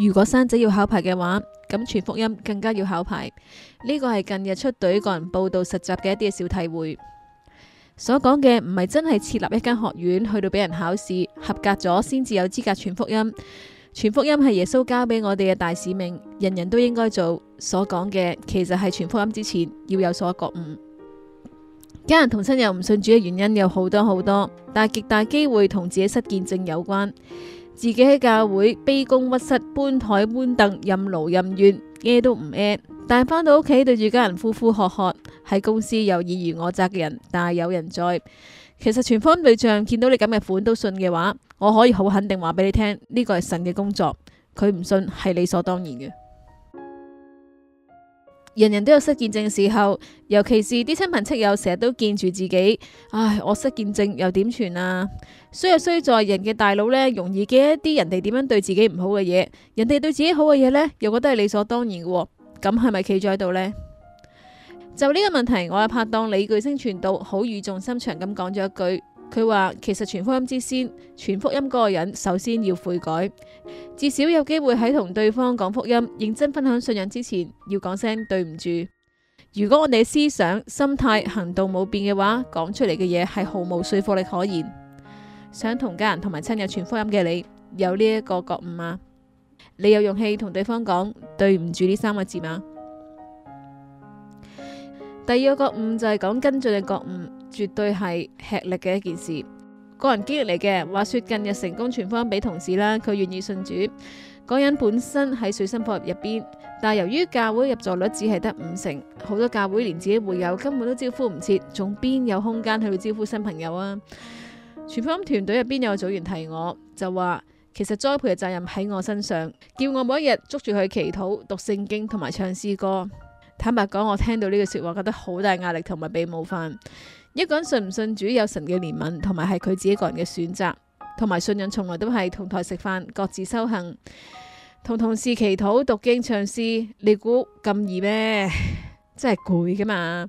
如果生仔要考牌嘅話，咁傳福音更加要考牌。呢個係近日出隊個人報道實習嘅一啲小體會。所講嘅唔係真係設立一間學院去到俾人考試，合格咗先至有資格傳福音。傳福音係耶穌交俾我哋嘅大使命，人人都應該做。所講嘅其實係傳福音之前要有所覺悟。家人同親友唔信主嘅原因有好多好多，但係極大機會同自己失見證有關。自己喺教會卑躬屈膝搬台搬凳、任勞任怨，咩都唔咩，但係返到屋企對住家人呼呼喝喝，喺公司有意如我責嘅人，大有人在。其實全方位上見到你咁嘅款都信嘅話，我可以好肯定話俾你聽，呢個係神嘅工作，佢唔信係理所當然嘅。人人都有失見證嘅時候，尤其是啲親朋戚友成日都見住自己，唉，我失見證又點存啊？衰又衰在人嘅大腦呢，容易記一啲人哋點樣對自己唔好嘅嘢，人哋對自己好嘅嘢呢，又覺得係理所當然嘅，咁係咪企咗喺度呢？就呢個問題，我嘅拍檔李巨星傳道好語重心長咁講咗一句。佢話其實傳福音之先，傳福音嗰個人首先要悔改，至少有機會喺同對方講福音，認真分享信仰之前，要講聲對唔住。如果我哋思想，心態，行動冇變嘅話，講出嚟嘅嘢係毫無說服力可言。想同家人同埋親友傳福音嘅你，有呢一個覺悟嗎、啊？你有勇氣同對方講對唔住呢三個字嗎、啊？第二個覺悟就係講跟進嘅覺悟。絕對係吃力嘅一件事，個人經歷嚟嘅。話說近日成功傳福音俾同事啦，佢願意信主。嗰人本身喺水深火熱入邊，但由於教會入座率只係得五成，好多教會連自己會友根本都招呼唔切，仲邊有空間去招呼新朋友啊？傳福音團隊入邊有個組員提我，就話其實栽培嘅責任喺我身上，叫我每一日捉住佢，祈禱、讀聖經同埋唱詩歌。坦白講，我聽到呢句說話覺得好大壓力同埋被冒犯。一個人信唔信主有神嘅憐憫，同埋係佢自己個人嘅選擇，同埋信仰從來都係同台食飯，各自修行，同同事祈禱讀經唱詩。你估咁易咩？真係攰噶嘛？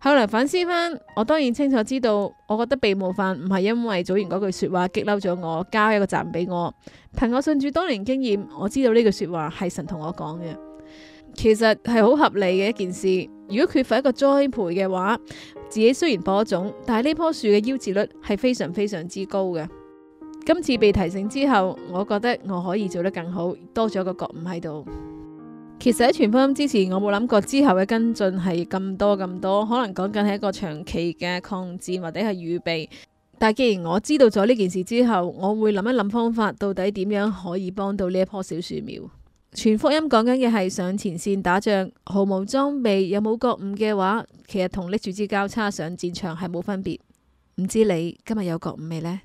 後來反思返，我當然清楚知道，我覺得被冒犯唔係因為組員嗰句說話激嬲咗我，交一個讚俾我。憑我信主多年經驗，我知道呢句說話係神同我講嘅，其實係好合理嘅一件事。如果缺乏一個栽培嘅話，自己雖然播種，但係呢棵樹嘅夭折率係非常非常之高嘅。今次被提醒之後，我覺得我可以做得更好，多咗個覺悟喺度。其實喺全方之前，我冇諗過之後嘅跟進係咁多咁多，可能講緊係一個長期嘅抗戰或者係預備。但係既然我知道咗呢件事之後，我會諗一諗方法，到底點樣可以幫到呢一棵小樹苗。全福音講緊嘅係上前線打仗，毫無裝備又冇覺悟嘅話，其實同拎住支交叉上戰場係冇分別。唔知你今日有覺悟未呢？